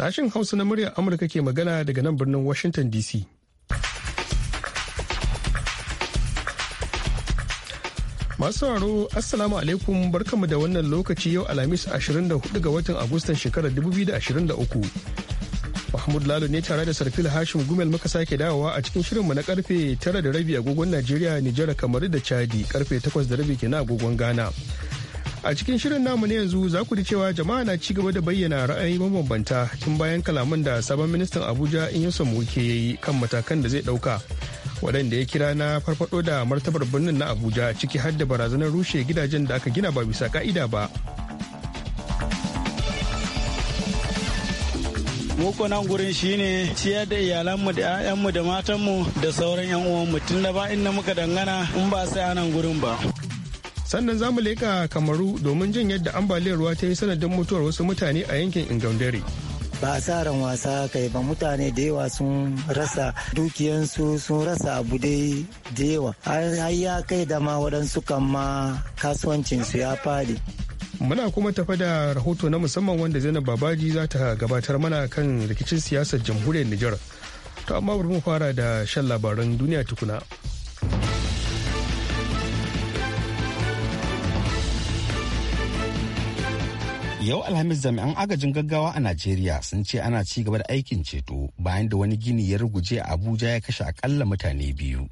Sashen Hausa na muryar Amurka ke magana daga nan birnin Washington DC. Masu sauraro Assalamu alaikum barkamu da wannan lokaci yau Alhamis 24 ga watan Agustan shekarar 2023. Mahmud Lalo ne tare da Sarfil Hashim Gumel muka sake dawowa a cikin shirinmu na karfe 9 da rabi agogon Najeriya, Nijar, kamar da Chadi karfe 8 rabi kenan agogon Ghana. A cikin shirin namu ne yanzu za ku ji cewa jama'a na ci gaba da bayyana ra'ayi mabambanta tun bayan kalaman da sabon ministan Abuja in yasa Muke ya yi kan matakan da zai ɗauka. Waɗanda ya kira na farfaɗo da martabar birnin na Abuja ciki har da barazanar rushe gidajen da aka gina ba bisa ka'ida ba. muku nan gurin shine ciyar da iyalanmu da 'ya'yanmu da matanmu da sauran 'yan uwanmu tun da ba inda muka dangana in ba sai a nan gurin ba. sannan za mu leƙa kamaru domin jin yadda ambaliyar ruwa ta yi sanadin mutuwar wasu mutane a yankin ingaundare ba a ran wasa kai ba mutane da yawa sun rasa dukiyansu sun rasa abu da yawa har ya kai da ma waɗansu kan ma kasuwancinsu ya fadi muna kuma tafa da rahoto na musamman wanda zainab babaji za ta gabatar mana kan rikicin siyasar jamhuriyar nijar to amma bari mu fara da shan labaran duniya tukuna Yau Alhamis jami'an agajin gaggawa a Najeriya sun ce ana ci gaba da aikin ceto bayan da wani gini ya ruguje a Abuja ya kashe akalla mutane biyu.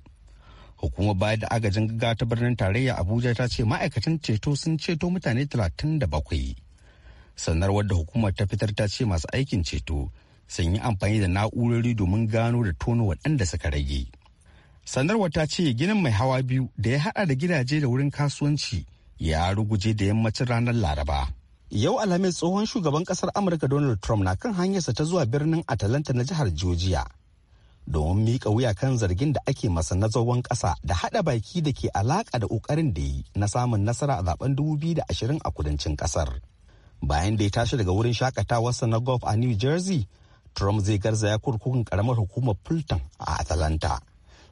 Hukumar baya da agajin gaggawa ta birnin tarayya Abuja ta ce ma'aikatan ceto sun ceto mutane 37. Sanarwar da hukumar ta fitar ta ce masu aikin ceto sun yi amfani da na'urori domin gano da tono waɗanda suka rage. Sanarwar ta ce ginin mai hawa biyu da ya haɗa da gidaje da wurin kasuwanci ya ruguje da yammacin ranar Laraba. Yau Alhamis tsohon shugaban kasar Amurka Donald Trump na kan hanyarsa ta zuwa birnin Atalanta na jihar Georgia domin miƙa wuya kan zargin da ake masa na zagon ƙasa da haɗa baki da ke alaƙa da ƙoƙarin da yi na samun nasara a zaben 2020 a kudancin ƙasar. Bayan da ya tashi daga wurin shakatawarsa na golf a New Jersey, Trump zai garzaya kurkukun karamar hukumar Fulton a Atalanta,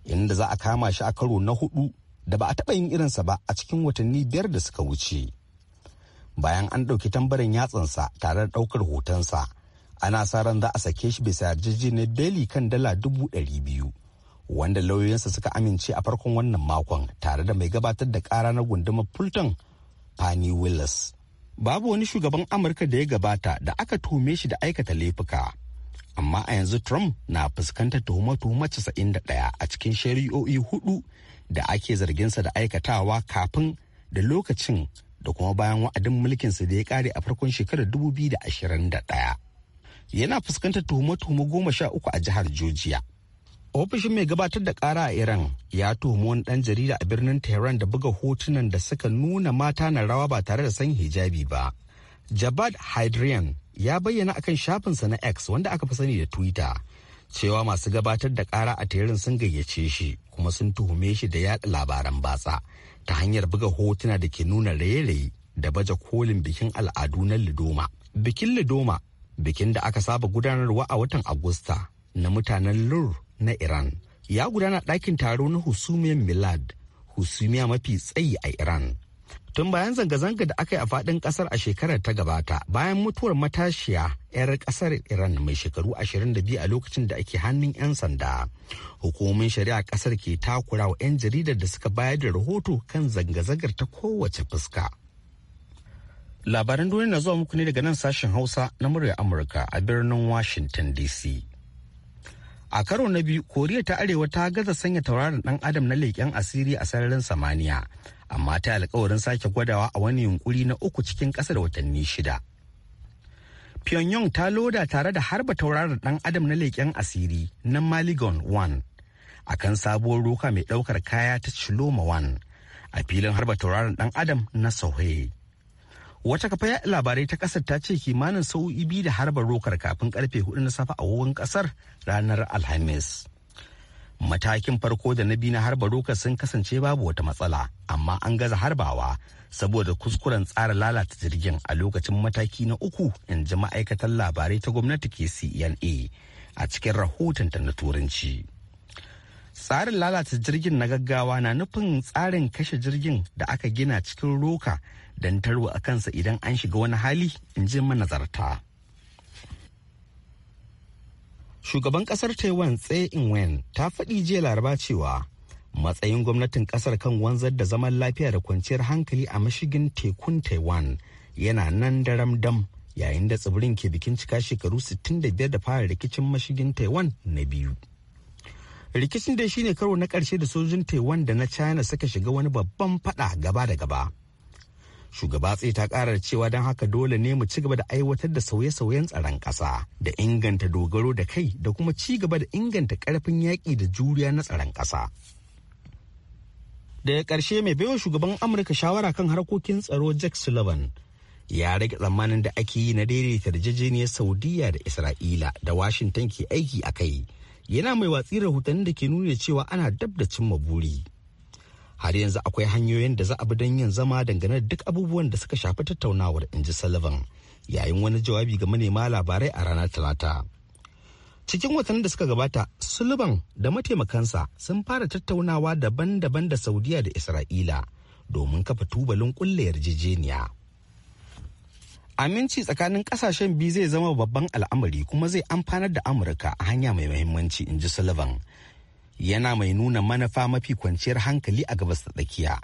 inda za a kama shi a karo na hudu da ba a taɓa yin irinsa ba a cikin watanni biyar da suka wuce. bayan an ɗauki tambarin yatsansa tare da ɗaukar hotonsa ana sa ran za a sake shi bisa yarjejeniyar beli kan dala dubu ɗari biyu wanda lauyoyinsa suka amince a farkon wannan makon tare da mai gabatar da ƙara na gundumar fulton pani Willis. Babu wani shugaban Amurka da ya gabata da aka tume shi da aikata laifuka. Amma a yanzu Trump na fuskantar tuhuma-tuhuma casa'in a cikin shari'o'i hudu da ake zarginsa da aikatawa kafin da lokacin da kuma bayan wa'adin mulkinsa da ya kare a farkon shekarar 2021. Yana fuskantar tuhume-tuhume goma sha uku a jihar Jojiya. Ofishin mai gabatar da kara a Iran ya tuhumi wani ɗan jarida a birnin Tehran da buga hotunan da suka nuna mata na rawa ba tare da san hijabi ba. Jabad Hydrian ya bayyana akan shafinsa na X wanda aka fi sani da Twitter cewa masu gabatar da kara a Tehran sun gayyace shi kuma sun tuhume shi da yaɗa labaran batsa ta hanyar buga hotuna da ke nuna raye-raye da baje kolin bikin al'adu na Lidoma. Bikin Lidoma bikin da aka saba gudanarwa a watan Agusta na mutanen Lur na Iran ya gudana ɗakin taro na Husumiyar Milad, Husumiya mafi tsayi a Iran. tun bayan zanga-zanga da aka yi a faɗin ƙasar a shekarar ta gabata bayan mutuwar matashiya 'yar ƙasar iran mai shekaru 22 a lokacin da ake hannun 'yan sanda hukumomin shari'a ƙasar ke takura wa 'yan jaridar da suka bayar da rahoto kan zanga-zangar ta kowace fuska labaran duniya na zuwa muku ne daga nan sashen hausa na murya amurka a birnin washington dc a karo na biyu koriya ta arewa ta gaza sanya tauraron dan adam na leƙen asiri a sararin samaniya amma ta alkawarin sake gwadawa a wani yunkuri na uku cikin ƙasa watanni shida. Pyongyang ta loda tare da harba tauraron ɗan adam na leƙen asiri na Maligon 1 akan sabuwar roka mai ɗaukar kaya ta Chiloma 1 a filin harba tauraron ɗan adam na Sauhe. Wata kafa labarai ta ƙasar ta ce kimanin sau'i biyu da harba rokar kafin karfe hudu na safe a wuwan ƙasar ranar Alhamis. matakin farko da na biyu na harba roka sun kasance babu wata matsala amma an gaza harbawa saboda kuskuren tsara lalata jirgin a lokacin mataki na uku in ji ma'aikatan labarai ta gwamnati ke cna a cikin rahotonta na turanci tsarin lalata jirgin na gaggawa na nufin tsarin kashe jirgin da aka gina cikin roka don tarwa a kansa idan an shiga wani hali in ji manazarta shugaban kasar taiwan tse wen ta faɗi jiya laraba cewa matsayin gwamnatin kasar kan wanzar da zaman lafiya da kwanciyar hankali a mashigin tekun taiwan yana nan daram dam yayin da tsibirin ke bikin cika shekaru 65 da fara rikicin mashigin taiwan na biyu rikicin da shine karo na karshe da sojin taiwan da na china suka shiga wani babban fada gaba da gaba shugaba tsaye ta karar cewa don haka dole ne mu ci gaba da aiwatar da sauye-sauyen tsaron ƙasa da inganta dogaro da kai da kuma ci gaba da inganta karfin yaƙi da juriya na tsaron ƙasa daga ƙarshe mai baiwa shugaban amurka shawara kan harkokin tsaro jack sullivan ya rage tsammanin da ake yi na daidaita yarjejeniyar saudiya da isra'ila da washington ke aiki a kai yana mai watsi rahotannin da ke nuna cewa ana dab da cimma buri. har yanzu akwai hanyoyin da za a bi don yin zama dangane da duk abubuwan da suka shafi tattaunawar in ji sullivan yayin wani jawabi ga manema labarai a ranar talata cikin watannin da suka gabata sullivan da mataimakansa sun fara tattaunawa daban-daban da saudiya da isra'ila domin kafa tubalin kulle yarjejeniya aminci tsakanin kasashen biyu zai zama babban al'amari kuma zai amfanar da amurka a hanya mai mahimmanci in ji sullivan yana mai nuna manufa mafi kwanciyar hankali a gabas da tsakiya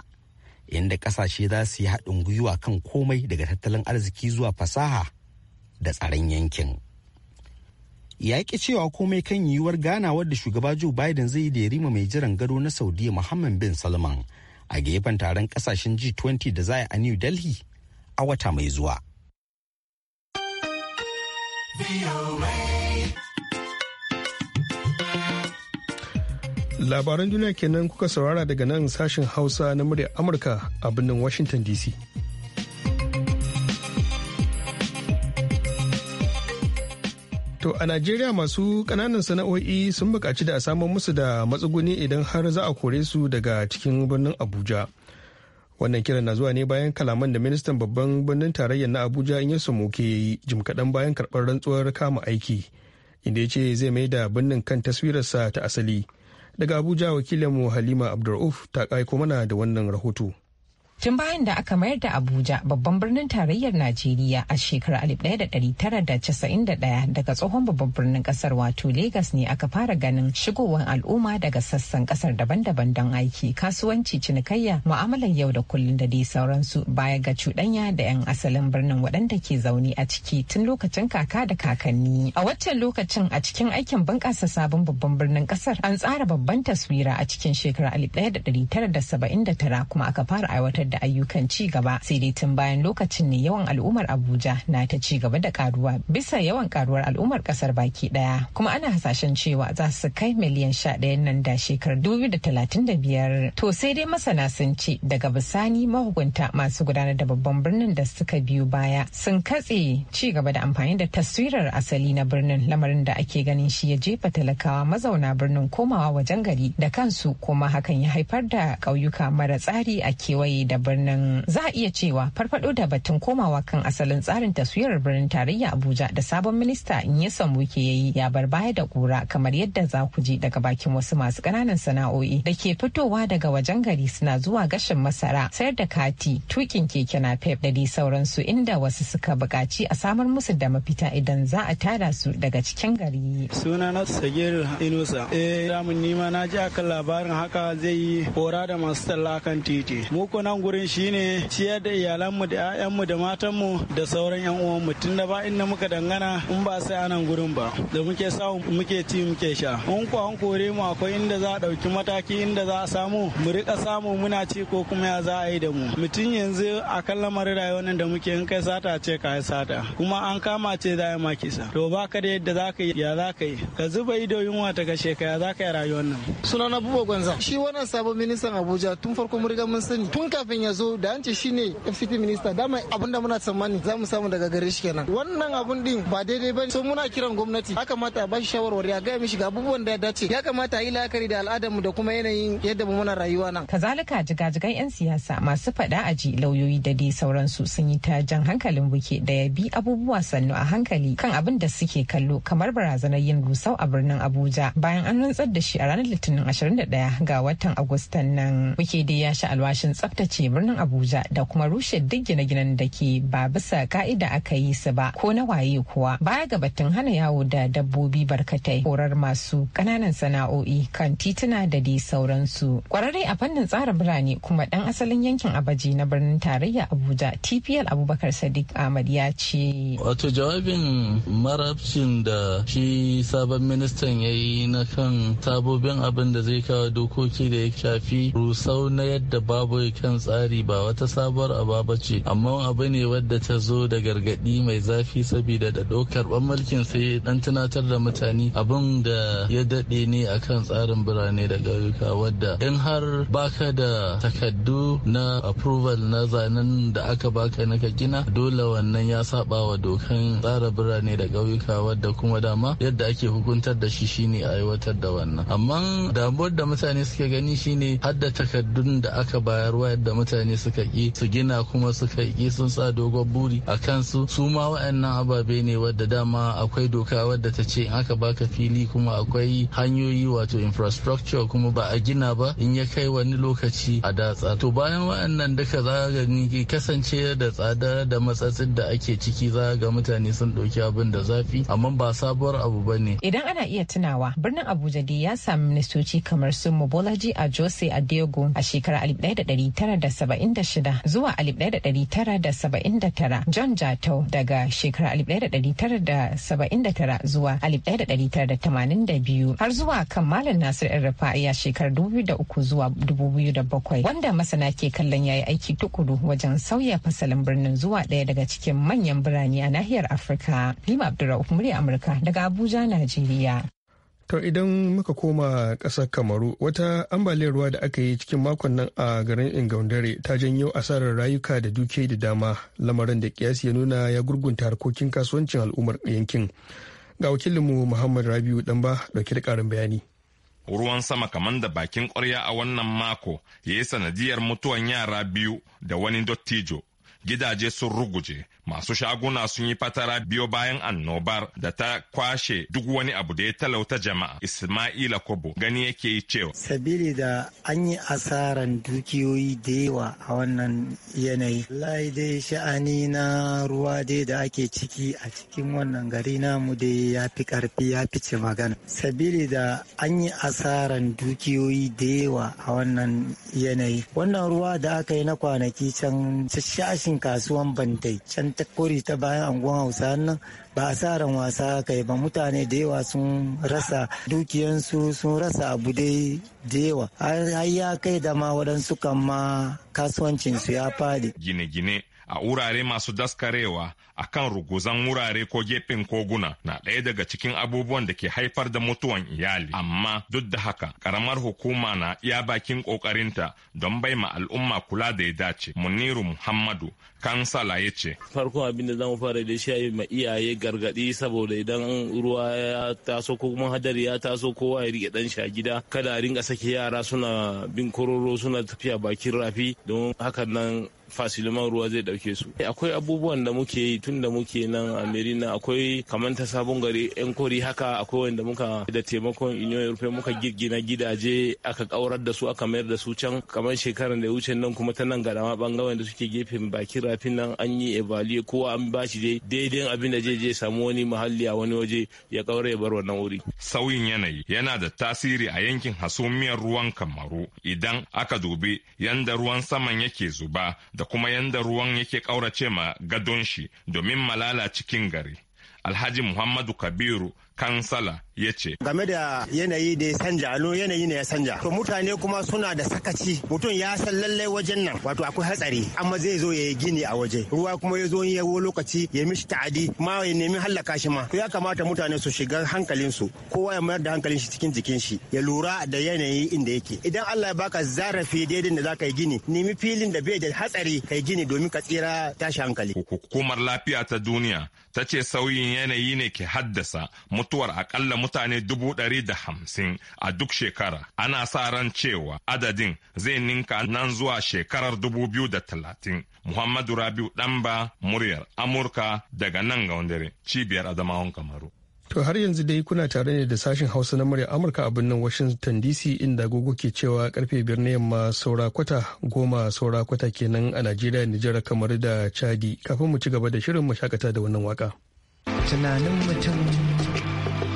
inda kasashe za su yi haɗin gwiwa kan komai daga tattalin arziki zuwa fasaha da tsaron yankin ya cewa komai kan yiwuwar ganawar da shugaba joe biden zai yi da rima mai jiran gado na saudiya muhammad bin salman a gefen taron kasashen g20 da za a new delhi a wata mai zuwa. labaran duniya kenan kuka saurara daga nan sashen hausa na muryar amurka a birnin washington dc To a Najeriya masu kananan sana'o'i sun buƙaci da a samar musu da matsuguni idan har za a kore su daga cikin birnin Abuja. Wannan kiran na zuwa ne bayan kalaman da ministan babban birnin tarayyar na Abuja in ya samu jim kaɗan bayan karɓar rantsuwar kama aiki. Inda ya ce zai mai da birnin kan taswirarsa ta asali. daga abuja wakilinmu halima abdur'uf ta aiko mana da wannan rahoto tun bayan da aka mayar da abuja babban birnin tarayyar najeriya a shekarar 1991 daga tsohon babban birnin kasar wato Legas ne aka fara ganin shigowar al'umma daga sassan kasar daban-daban don aiki kasuwanci cinikayya mu'amalar yau da kullun da dai sauransu baya ga cuɗanya da 'yan asalin birnin waɗanda ke zaune a ciki tun lokacin kaka da kakanni a waccan lokacin a cikin aikin bunƙasa sabon babban birnin kasar an tsara babban taswira a cikin shekarar 1979 kuma aka fara aiwatar da ayyukan ci gaba sai dai tun bayan lokacin ne yawan al'ummar abuja na ta ci gaba da karuwa bisa yawan karuwar al'ummar kasar baki daya kuma ana hasashen cewa za su kai miliyan sha ɗayan nan da shekarar dubu da talatin da biyar to sai dai masana sun ce daga bisani mahukunta masu gudanar da babban birnin da suka biyo baya sun katse ci gaba da amfani da taswirar asali na birnin lamarin da ake ganin shi ya jefa talakawa mazauna birnin komawa wajen gari da kansu kuma hakan ya haifar da ƙauyuka mara tsari a kewaye da da birnin za a iya cewa farfado da batun komawa kan asalin tsarin taswirar birnin tarayya abuja da sabon minista in ya samu ya yi ya bar baya da kura kamar yadda za ku ji daga bakin wasu masu ƙananan sana'o'i da ke fitowa daga wajen gari suna zuwa gashin masara sayar da kati tukin keke napep da dai sauransu inda wasu suka buƙaci a samar musu da mafita idan za a tada su daga cikin gari suna na sagir inusa eh damun nima na ji akan labarin haka zai yi hora da masu talla kan titi mu nan gurin shine ciyar da iyalanmu da 'ya'yanmu da matanmu da sauran 'yan uwanmu tun da ba inda muka dangana in ba sai anan gurin ba da muke samu muke ci muke sha in kuwa an kore mu akwai inda za a ɗauki mataki inda za a samu mu riƙa samu muna ci ko kuma ya za a yi da mu mutum yanzu a kan lamarin rayuwar nan da muke in kai sata ce ka sata kuma an kama ce za a ma kisa to ba ka da yadda za ka yi ya za ka yi ka zuba ido yunwa ta gashe ka ya za ka yi rayuwar nan sunana buba gwanza shi wannan sabon ministan abuja tun farko mun riga mun sani tun kafin kafin ya zo da an shi ne FCT minista dama abinda muna tsammani za mu samu daga gare shi kenan wannan abun din ba daidai ba so muna kiran gwamnati ya kamata a bashi shawarwari a gaya mishi ga abubuwan da ya dace ya kamata a yi la'akari da al'adarmu da kuma yanayin yadda mu muna rayuwa nan kazalika jigajigan yan siyasa masu faɗa a ji lauyoyi da dai sauransu sun yi ta jan hankalin buke da ya bi abubuwa sannu a hankali kan abin da suke kallo kamar barazanar yin rusau a birnin abuja bayan an rantsar da shi a ranar litinin 21 ga watan agustan nan buke da ya sha alwashin tsaftace ce birnin Abuja da kuma rushe duk gine-ginen da ke ba bisa ka'ida aka yi su ba ko na waye kuwa baya ga batun hana yawo da dabbobi barkatai horar masu kananan sana'o'i kan tituna da dai sauransu. Kwararre a fannin tsara birane kuma dan asalin yankin Abaji na birnin tarayya Abuja TPL Abubakar Sadiq Ahmad ya ce. Wato jawabin marabcin da shi sabon ministan ya yi na kan sabobin abin da zai kawo dokoki da ya shafi rusau na yadda babu kan tsari ba wata sabuwar aba ba ce amma abu ne wadda ta zo da gargaɗi mai zafi saboda da ɗaukar ban mulkin sai dan tunatar da mutane abin da ya daɗe ne akan tsarin birane da ƙauyuka wadda in har baka da takaddu na approval na zanen da aka baka na ka gina dole wannan ya saba wa dokan tsara birane da ƙauyuka wadda kuma dama yadda ake hukuntar da shi shine aiwatar da wannan amma damuwar da mutane suke gani shine hadda takaddun da aka bayar yadda mutane suka ƙi su gina kuma suka ƙi sun sa dogon buri a kansu su ma wa'annan ababe ne wadda dama akwai doka wadda ta ce in aka baka fili kuma akwai hanyoyi wato infrastructure kuma ba a gina ba in ya kai wani lokaci a datsa to bayan wa'annan duka za ga ni kasance da tsada da matsatsin da ake ciki za ga mutane sun ɗauki abin da zafi amma ba sabuwar abu ba ne idan ana iya tunawa birnin abuja dai ya sami ministoci kamar su mobolaji a jose a diego a shekarar 1976 zuwa 1979 John Jatau daga shekarar 1979 zuwa 1982 har zuwa kan Malam Nasir Rufa'i a shekarar 2003 zuwa 2007 wanda masana ke kallon ya yi aiki tukuru wajen sauya fasalin birnin zuwa ɗaya daga cikin manyan birane a nahiyar Afirka. Lima Abdulrahman murya Amurka daga Abuja, Najeriya. To idan muka koma ƙasar Kamaru wata ambaliyar ruwa da aka yi cikin makon nan a garin Ingaundare ta janyo asarar rayuka da duke da dama lamarin da kiyasi ya nuna ya gurgunta harkokin kasuwancin al'ummar yankin. Ga wakilinmu Muhammad Rabiu danba dauke da ƙarin bayani. ruwan sama kaman da bakin ƙwarya a wannan mako ya yi sanadiyar mutuwan yara biyu da wani dottijo gidaje sun ruguje masu shaguna sun yi fatara biyo bayan annobar da ta kwashe duk wani abu da ya talauta jama'a ismaila kobo gani yake yi cewa sabili da an yi asaran dukiyoyi da yawa a wannan yanayi lai dai sha'ani na ruwa dai da ake ciki a cikin wannan gari namu dai ya fi karfi ya fi magana sabili da an yi asaran dukiyoyi da yawa a wannan yanayi wannan ruwa da aka yi na kwanaki can shashin kasuwan bantai can ta kori ta bayan anguwan hausa nan ba a sa ran wasa kai ba mutane da yawa sun rasa dukiyansu sun rasa abu dai da yawa har ya kai da ma waɗansu kan ma kasuwancinsu ya fadi. Gine-gine a wurare masu daskarewa a kan ruguzan wurare ko gefen koguna na ɗaya daga cikin abubuwan da ke haifar da mutuwan iyali. Amma duk da haka, ƙaramar hukuma na iya bakin ƙoƙarinta don bai ma al'umma kula da ya dace. Muniru Muhammadu, kansala ya ce. Farko abin da zamu fara da shi ma iyaye gargaɗi saboda idan ruwa ya taso ko kuma hadari ya taso kowa ya riƙe ɗan shi gida kada a ringa sake yara suna bin kororo suna tafiya bakin rafi don hakan nan fasiliman ruwa zai dauke su eh, akwai abubuwan da muke yi tun da muke nan a merina akwai kamar ta sabon gari yan kori haka akwai wanda muka da taimakon union europe muka girgina gidaje aka kaurar da su aka mayar da su can kamar shekaran da ya wuce nan kuma ta nan gadama bangaren da suke gefen bakin rafin nan an yi evalue kowa an bashi dai daidai abin da zai je samu wani muhalli a wani waje ya kaura ya bar wannan wuri sauyin yanayi yana da tasiri a yankin hasumiyar ruwan kamaru idan aka dubi yanda ruwan saman yake zuba da da kuma yanda ruwan yake ƙaurace ma gadon shi domin malala cikin gari. Alhaji Muhammadu Kabiru kansala ya ce. Game da yanayi da ya sanja, a yanayi ne ya sanja. To mutane kuma suna da sakaci, mutum ya san lallai wajen nan, wato akwai hatsari, amma zai zo ya yi gini a waje. Ruwa kuma ya zo ya wo lokaci ya mishi ta'adi, ma ya nemi hallaka shi ma. To ya kamata mutane su shiga su kowa ya mayar da hankalin shi cikin jikin shi, ya lura da yanayi inda yake. Idan Allah ya baka zarafi daidai da za ka yi gini, nemi filin da bai da hatsari ka gini domin ka tsira tashi hankali. Hukumar lafiya ta duniya ta ce sauyin yanayi ne ke haddasa mutuwar akalla mutane dubu ɗari da hamsin a duk shekara ana sa ran cewa adadin zai ninka nan zuwa shekarar dubu biyu da talatin muhammadu rabiu ɗanba muryar amurka daga nan ga wandare cibiyar adamawan kamaru To har yanzu dai kuna tare ne da sashen Hausa na murya Amurka a birnin Washington DC inda gogo ke cewa karfe biyar na yamma saura kwata goma saura kwata kenan a Najeriya Nijar kamar da Chadi kafin mu ci gaba da shirin mu shakata da wannan waka. Tunanin mutum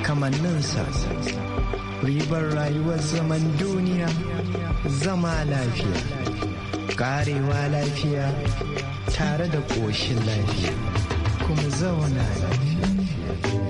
kamanninsa ribar rayuwar zaman duniya zama lafiya karewa lafiya tare da ƙoshin lafiya kuma zauna lafiya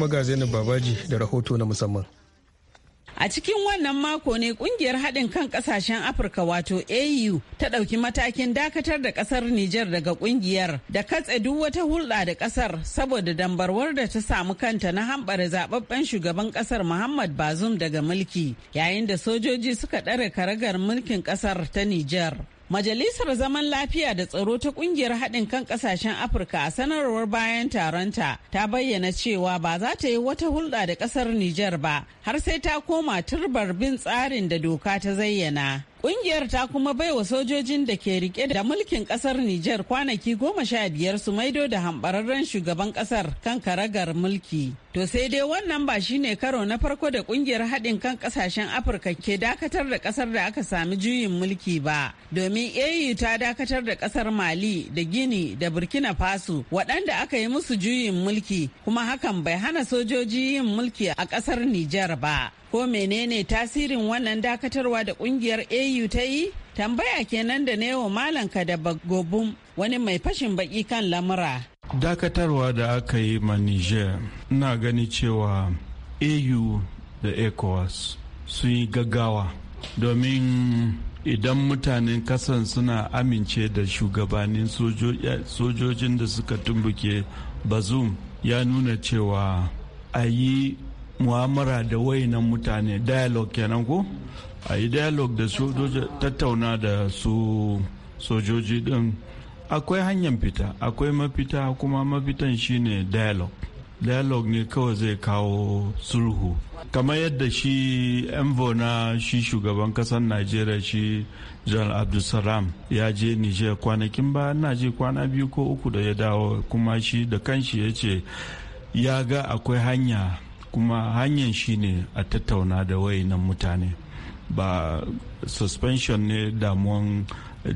kuma ga Zainab Babaji da rahoto na musamman. A cikin wannan mako ne kungiyar haɗin kan ƙasashen Afirka wato AU ta ɗauki matakin dakatar da ƙasar Nijar daga kungiyar da katse duk wata hulɗa da ƙasar saboda dambarwar da ta samu kanta na hambare zaɓaɓɓen shugaban ƙasar Muhammad Bazum daga mulki yayin da sojoji suka ɗare karagar mulkin ƙasar ta Nijar. Majalisar Zaman Lafiya da Tsaro ta Kungiyar Haɗin kan Ƙasashen Afirka a sanarwar bayan taronta ta bayyana cewa ba za ta yi wata hulɗa da ƙasar Nijar ba har sai ta koma turbar bin tsarin da doka ta zayyana. Ƙungiyar ta kuma baiwa sojojin da ke rike da mulkin ƙasar Nijar kwanaki goma sha biyar su maido da hambararren shugaban ƙasar kan karagar mulki. To sai dai wannan ba shi ne karo na farko da ƙungiyar haɗin kan ƙasashen Afirka ke dakatar da ƙasar da aka sami juyin mulki ba. Domin AU ta dakatar da ƙasar Mali da Gini da Burkina Faso waɗanda aka yi musu juyin mulki kuma hakan bai hana sojoji yin mulki a ƙasar Nijar ba. Ko menene tasirin wannan dakatarwa da kungiyar AU ta yi? Tambaya kenan da wa Malam da Gobum wani mai fashin baki kan lamura. Dakatarwa da aka yi ma Niger, na gani cewa AU da ECOWAS sun yi gaggawa domin idan mutanen kasan suna amince da shugabannin sojojin da suka tumbuke bazum ya nuna cewa a yi mu'amara da wayannan mutane dialogue kenan ko a yi dialogue da su tattauna da su sojoji din akwai hanyar fita akwai mafita kuma mafitan shine dialogue dialogue ne kawai zai kawo sulhu kamar yadda shi envo na shi shugaban kasar najeriya shi john abdulsalam ya je niger kwanakin ba na je kwana biyu ko uku da ya dawo kuma shi da kanshi ya ce ya ga akwai hanya kuma hanyar shi ne a tattauna da wayannan mutane ba suspension ne damuwan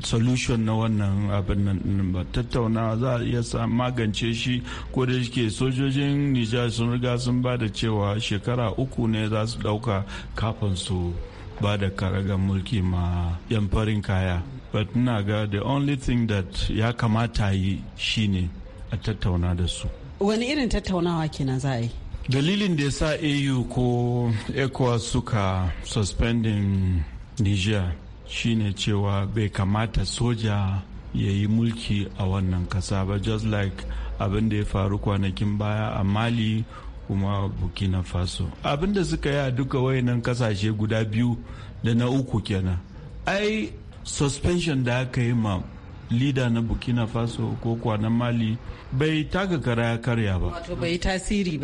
solution na wannan abin nan ba tattauna za a iya magance shi ko da ke sojojin nijar sun riga sun ba da cewa shekara uku ne za su dauka kafin su ba da karagan mulki ma yan farin kaya but na ga the only thing that ya kamata yi shine a tattauna da su wani irin tattaunawa kenan za a yi dalilin da ya sa au ko ecowas suka suspending niger shine cewa bai kamata soja ya yi mulki a wannan kasa ba just like abin da ya faru kwanakin baya a mali kuma burkina faso abin da suka yi a duka wayannan kasashe guda biyu da na uku kenan ai suspension da aka yi ma lida na burkina faso ko kuwa na mali bai taka kara karya ba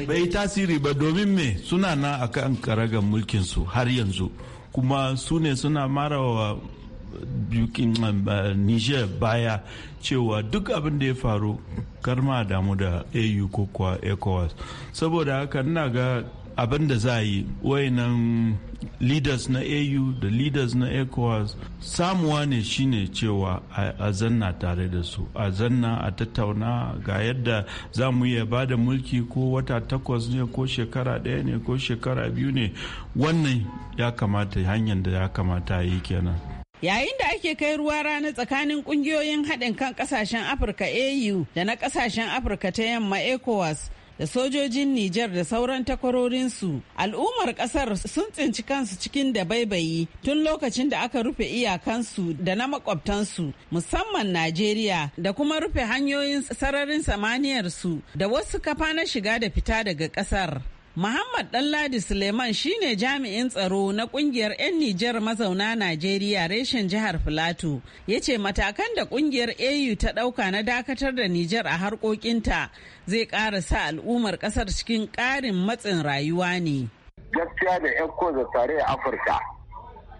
bai tasiri ba domin me suna na akan karagar mulkin su har yanzu kuma su ne suna marawa wa um, niger baya cewa duk abin da ya faru karma damu da au ko kuwa ecowas saboda haka ina ga abin da za a yi wayannan leaders na au da leaders na ecowas samuwa ne shine cewa a zanna tare da su a zanna a tattauna ga yadda za mu iya ba da mulki ko wata takwas ne ko shekara ɗaya ne ko shekara biyu ne wannan ya kamata hanyar da ya kamata yi kenan yayin da ake kai ruwa rana tsakanin kungiyoyin haɗin kan ƙasashen afirka au da na ƙasashen afirka ta yamma ecowas da sojojin Nijar da sauran takwarorinsu. Al'ummar kasar sun tsinci kansu cikin da baibayi tun lokacin da aka rufe iyakansu da na makwabtansu musamman Najeriya da kuma rufe hanyoyin sararin samaniyarsu da wasu kafa na shiga da fita daga kasar. Muhammad Ɗanladi Suleiman shine jami'in tsaro na kungiyar 'yan Nijar mazauna Najeriya reshen jihar Filato ya ce matakan da kungiyar AU ta dauka na dakatar da Nijar a harkokinta zai ƙara sa al'ummar ƙasar cikin ƙarin matsin rayuwa ne. Gaskiya da Eko da tare a Afirka,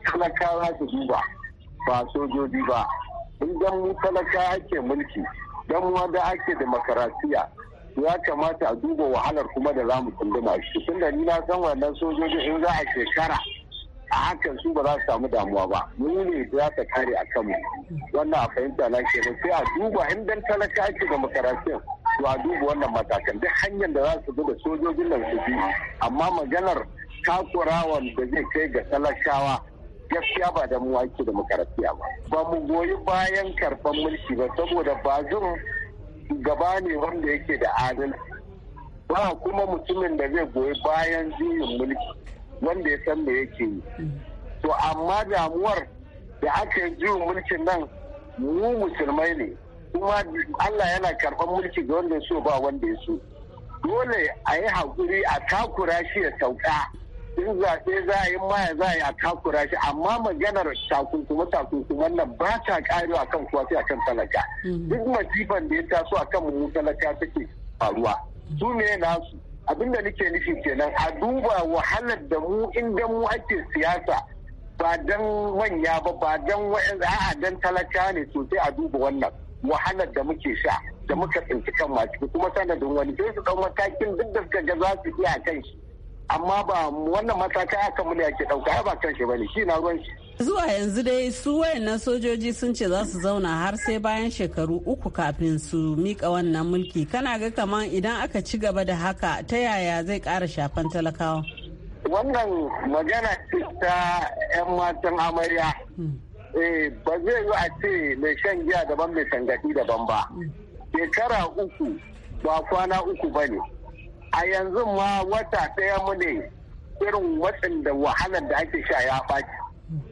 talakawa su duba ba sojoji ba, in mu talaka ake mulki, don wanda ake demokarasiya ya kamata a duba wahalar kuma da zamu mu tunduma shi da ni na san wannan sojoji in za a shekara a hakan su ba za su samu damuwa ba mu ne za ta kare a kanmu wannan a fahimta na ke sai a duba in dan talaka ake da makarantun to a duba wannan matakan duk hanyar da za su bi da sojojin nan su bi amma maganar takurawan da zai kai ga talakawa gaskiya ba da mu ake da makarantun ba ba mu goyi bayan karban mulki ba saboda ba Gaba ne wanda yake da adalci ba kuma mutumin da zai goyi bayan juyin mulki wanda ya san da yake yi to amma damuwar da aka yi juyin mulkin nan mu musulmai ne kuma Allah yana karɓar mulki ga wanda ya so ba wanda ya so dole a yi haƙuri a takura shi ya sauka in zaɓe za a yi maya za a yi a takura shi amma maganar takunkuma takunkuma nan ba ta a kan kuwa sai a kan talaka mm-hmm. duk masifan da ya taso a kan mu talaka take faruwa su ne nasu abinda nake nufi kenan a duba wahalar da mu inda mu ake siyasa ba don manya ba ba don a'a don talaka ne sosai a duba wannan wahalar da muke sha da muka tsinci kan masu kuma sanadin wani sai su ɗau matakin duk da suka ga za su iya kan shi amma ba wannan mataka aka muli ke ɗauka ba kan shi bane shi na ruwan shi zuwa yanzu dai su wayannan sojoji sun ce za su zauna har sai bayan shekaru uku kafin su mika wannan mulki kana ga kamar idan aka ci gaba da haka ta yaya zai kara shafan talakawa wannan magana ta 'yan matan amarya hmm. eh, ba zai yi a ce mai shan giya daban mai sangadi daban ba hmm. shekara uku ba kwana uku ba ne a yanzu ma wata ɗaya mu ne irin da wahalar da ake sha ya faci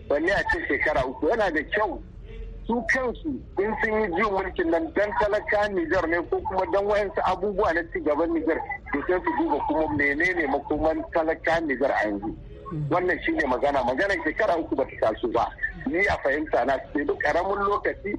wani a cikin shekara uku yana da kyau su kansu in sun yi jiyo mulkin nan dan talaka Nijar ne ko kuma dan wayansu abubuwa na ci gaban Nijar da sai su duba kuma menene makoman talaka Nijar a yanzu wannan shine magana magana shekara uku ba ta taso ba ni a fahimta na sai duk karamin lokaci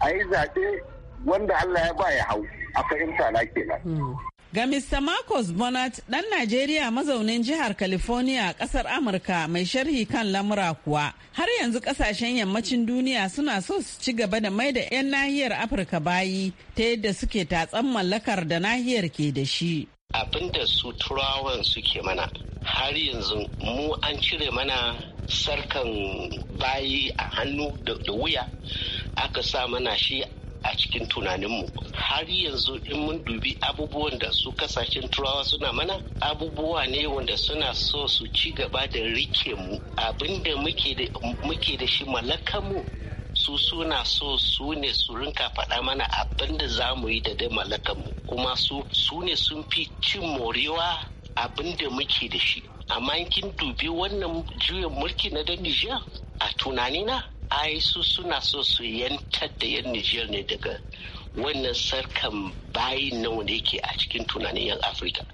a yi zaɓe wanda Allah ya ba ya hau a fahimta na kenan hmm. Ga Mr. Marcos Bonat, ɗan Najeriya mazaunin jihar California ƙasar Amurka mai sharhi kan lamura kuwa, har yanzu ƙasashen yammacin duniya suna so su ci gaba da mai da 'yan nahiyar Afirka bayi ta yadda suke tatsan mallakar da nahiyar ke da shi. abinda da su turawan suke mana, har yanzu mu an cire mana sarkan bayi a hannu da wuya, aka sa mana shi a cikin tunaninmu har yanzu in mun dubi abubuwan da su kasashen turawa suna mana abubuwa ne wanda suna so su ci gaba da rike mu abinda muke da shi mu su suna so su ne su rinka faɗa mana abinda za mu yi da dai mu kuma su ne sun fi cin morewa abinda muke da shi amma kin dubi wannan juyin mulki na da a tunanina ai su suna so su yantar da yan Nijiyar ne daga wannan sarkan bayin nan wanda yake a cikin tunanin yan Afirka.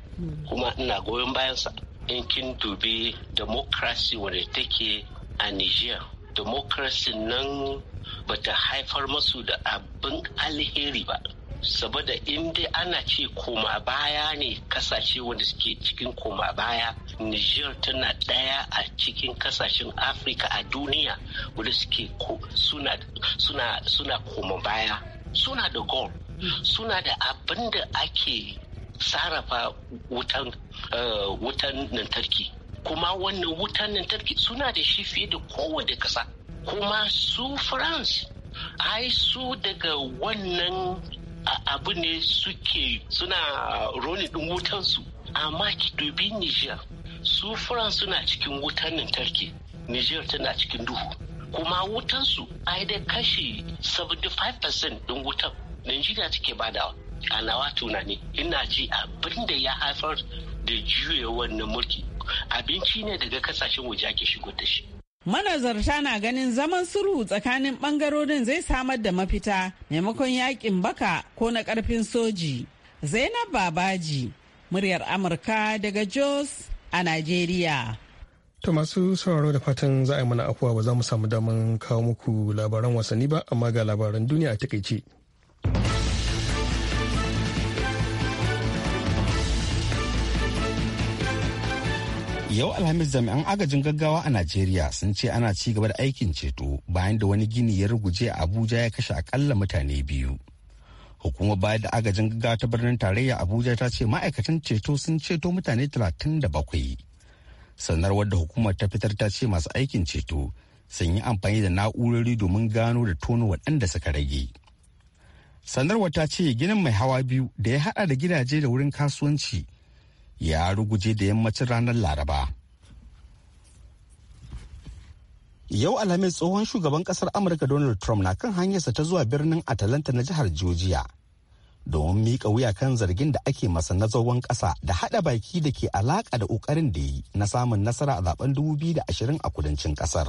Kuma ina goyon bayansa in kin dubi democracy wanda take a Nijar. Democracy nan bata haifar masu da abin alheri ba. saboda in dai ana ce koma baya ne kasashe wanda suke cikin koma baya niger tana daya a cikin kasashen afirka a duniya wanda suke suna, suna, koma baya suna da gold suna da abin da ake sarrafa wutan, uh, wutan lantarki kuma wannan wutan lantarki suna da shi fiye da kowane kasa kuma su france ai su daga wannan abu ne suke suna roni din wutansu amma ki dubi Niger. su France suna cikin wutan lantarki Niger tana cikin duhu kuma wutansu ai da kashi 75% din wutan Nigeria take badawa a nawa tunani ina ji abin da ya haifar da juyewar na mulki abinci ne daga kasashen waje ake shigo da shi manazarta na ganin zaman sulhu tsakanin bangarorin zai samar da mafita maimakon yakin baka ko na karfin soji zainab babaji muryar amurka daga jos a nigeria ta masu sauraro da fatan za a yi mana afuwa ba za mu samu daman kawo muku labaran wasanni ba amma ga labaran duniya a takaice. Yau Alhamis jami'an agajin gaggawa a Najeriya sun ce ana ci gaba da aikin ceto bayan da wani gini ya ruguje a Abuja ya kashe akalla mutane biyu. Hukumar bayar da agajin gaggawa ta birnin tarayya Abuja ta ce ma'aikatan ceto sun ceto mutane 37. Sanarwar da hukumar ta fitar ta ce masu aikin ceto sun yi amfani da na'urori domin gano da tono waɗanda suka rage. Sanarwar ta ce ginin mai hawa biyu da ya haɗa da gidaje da wurin kasuwanci ya ruguje da yammacin ranar laraba yau alhamis tsohon shugaban kasar amurka donald trump na kan hanyarsa ta zuwa birnin atalanta na jihar georgia domin miƙa wuya kan zargin da ake masa na tsawon ƙasa da haɗa baki da ke alaƙa da ƙoƙarin da yi na samun nasara a zaben 2020 a kudancin ƙasar.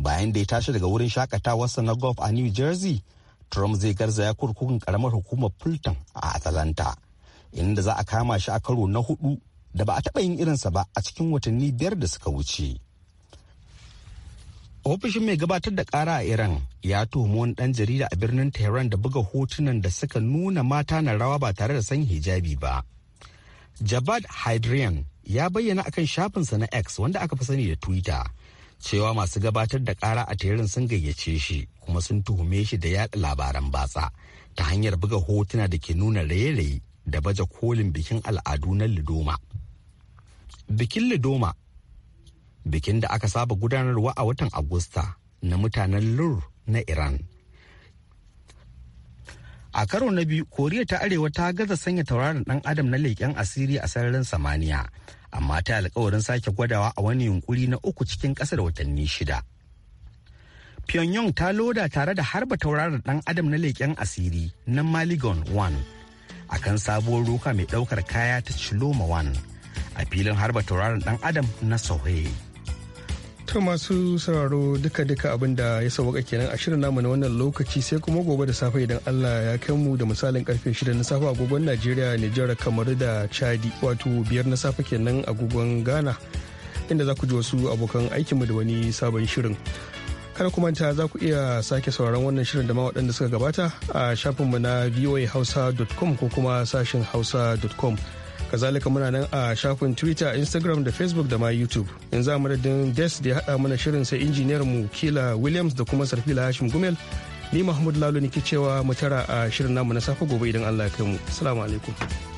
Bayan da ya tashi daga wurin shakatawarsa na golf a New Jersey, Trump zai garzaya kurkukun ƙaramar hukumar Fulton a Atlanta inda za a kama shi a karo na hudu da ba a taɓa yin irinsa ba a cikin watanni biyar da suka wuce. Ofishin mai gabatar da kara a Iran ya tuhumi wani ɗan jarida a birnin Tehran da buga hotunan da suka nuna mata na rawa ba tare da san hijabi ba. Jabad Hydrian ya bayyana akan shafinsa na X wanda aka fi sani da Twitter cewa masu gabatar da ƙara a Tehran sun gayyace shi kuma sun tuhume shi da yada labaran batsa ta hanyar buga hotuna da ke nuna raye-raye da baje kolin bikin al'adu na Lidoma. Bikin Lidoma bikin da aka saba gudanarwa a watan Agusta na mutanen Lur na Iran. A karo na biyu, Koriya ta Arewa ta gaza sanya tauraron ɗan adam na leƙen asiri a sararin samaniya, amma ta alkawarin sake gwadawa a wani yunkuri na uku cikin ƙasar watanni shida. Pyongyang ta loda tare da harba tauraron ɗan adam na leƙen asiri na Maligon 1 akan sabuwar roka mai daukar kaya ta Chiloma One a filin harba tauraron dan Adam na Sauhe. To masu sauraro duka-duka abin da ya sauka kenan a shirin namu na wannan lokaci sai kuma gobe da safe idan Allah ya kai mu da misalin karfe shida na safe agogon Najeriya, Nijar, kamar da Chadi wato biyar na safe kenan agogon Ghana inda za ku ji wasu abokan aikinmu da wani sabon shirin. kada ku manta za ku iya sake sauraron wannan shirin da ma waɗanda suka gabata a shafinmu na voahausa.com ko kuma sashin hausa.com kazalika muna nan a shafin twitter instagram da facebook da ma youtube in za mu radin des da ya haɗa mana shirin sai injiniyar mu kila williams da kuma sarfila hashim gumel ni mahmud lalo ne ke cewa mu tara a shirin namu na safe gobe idan allah ya kai mu alaikum